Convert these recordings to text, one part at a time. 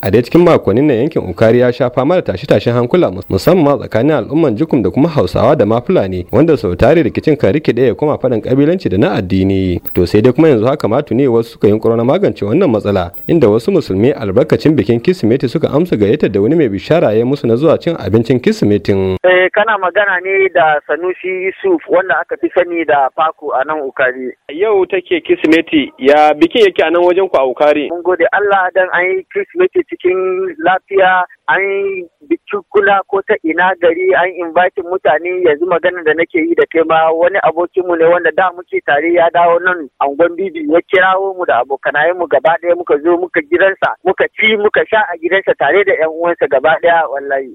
a dai cikin makonnin nan yankin ukari ya sha fama da tashe-tashen hankula musamman tsakanin al'umman jukum da kuma hausawa da ma fulani wanda sau tare rikicin kan rikide ya koma faɗin kabilanci da na addini to sai dai kuma yanzu haka ma tuni wasu suka yunkuro na magance wannan matsala inda wasu musulmi albarkacin bikin kismeti suka amsa gayyatar da wani mai bishara ya musu na zuwa cin abincin kismetin. eh kana magana ne da sanusi yusuf wanda aka fi sani da faku a nan ukari. yau take kismeti ya bikin yake a nan wajen ku a ukari. mun gode allah dan an yi kismeti cikin lafiya an bikikuna ko ta ina gari an invite mutane yanzu magana da nake yi da kai ma wani abokinmu ne wanda da muke tare ya dawo nan angon bibi ya kirawo mu da abokanai mu gaba ɗaya muka zo muka gidansa muka ci muka sha a gidansa tare da yan uwansa gaba ɗaya wallahi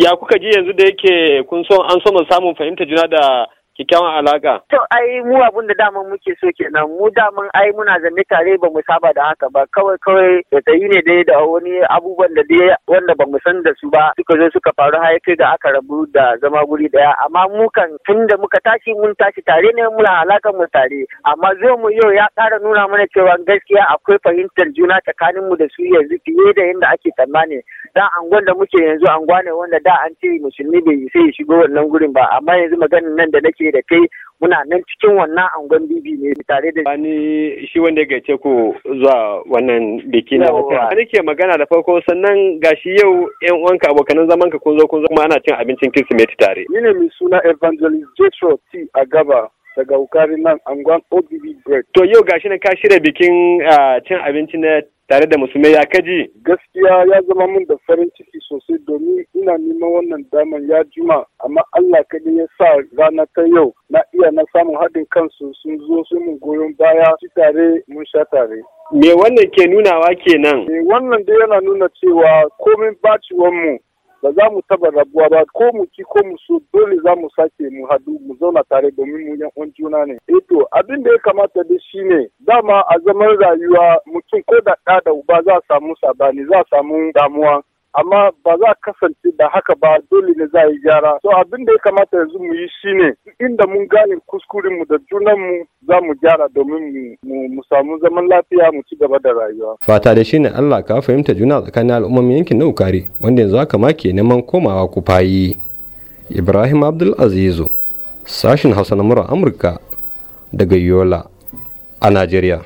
ya kuka ji yanzu da yake kun son an so mu samun fahimta juna da kikyawan alaka. To ai mu abun da daman muke so kenan mu daman ai muna zane tare ba mu saba da haka ba kawai kawai da tayi ne dai da wani abubuwan da dai wanda ba mu san da su ba suka zo suka faru har kai da aka rabu da zama guri daya amma mu kan tun da muka tashi mun tashi tare ne muna alaka mu tare amma zo mu yau ya ƙara nuna mana cewa gaskiya akwai fahimtar juna tsakanin mu da su yanzu fiye da yadda ake tsammani da angon da muke yanzu angwa ne wanda da an ce musulmi bai sai shigo wannan gurin ba amma yanzu maganin nan da nake ce da kai muna nan cikin wannan angon bibi ne tare da wani shi wanda ya gaice ku zuwa wannan biki na wata nake magana da farko sannan gashi yau yan uwanka abokanan zaman ka kun zo kun zo kuma ana cin abincin kirsimeti tare ni ne mai suna evangelist joshua t agaba daga wukari nan angon obb bread to yau gashi na ka shirya bikin cin abinci na tare da musulmai ya kaji gaskiya ya zama mun da farin ciki sosai domin ina neman wannan daman ya juma amma Allah kaɗai ya sa rana ta yau na iya na samun haɗin kansu sun zo sun mun goyon baya ci tare mun sha tare me wannan ke nunawa kenan me eh, wannan dai yana nuna cewa komin baciwan mu ba za mu taba rabuwa ba ko mu ci ko mu so dole za mu sake mu hadu mu zauna tare domin mu yan uwan juna ne Eto eh to abin da ya kamata da ne. dama a zaman rayuwa mutum ko da da uba za a samu sabani za a samu damuwa amma ba za a kasance da haka ba dole ne za a yi gyara so abin da ya kamata yanzu mu yi shine inda mun gane kuskuren mu da junan mu za mu gyara domin mu samu zaman lafiya mu ci gaba da rayuwa fata da shine Allah ka fahimta juna tsakanin al'ummar yankin na Ukari wanda yanzu haka ma ke neman komawa ku fayi. Ibrahim Abdul Azizu sashin Hausa na Amurka daga Yola a Najeriya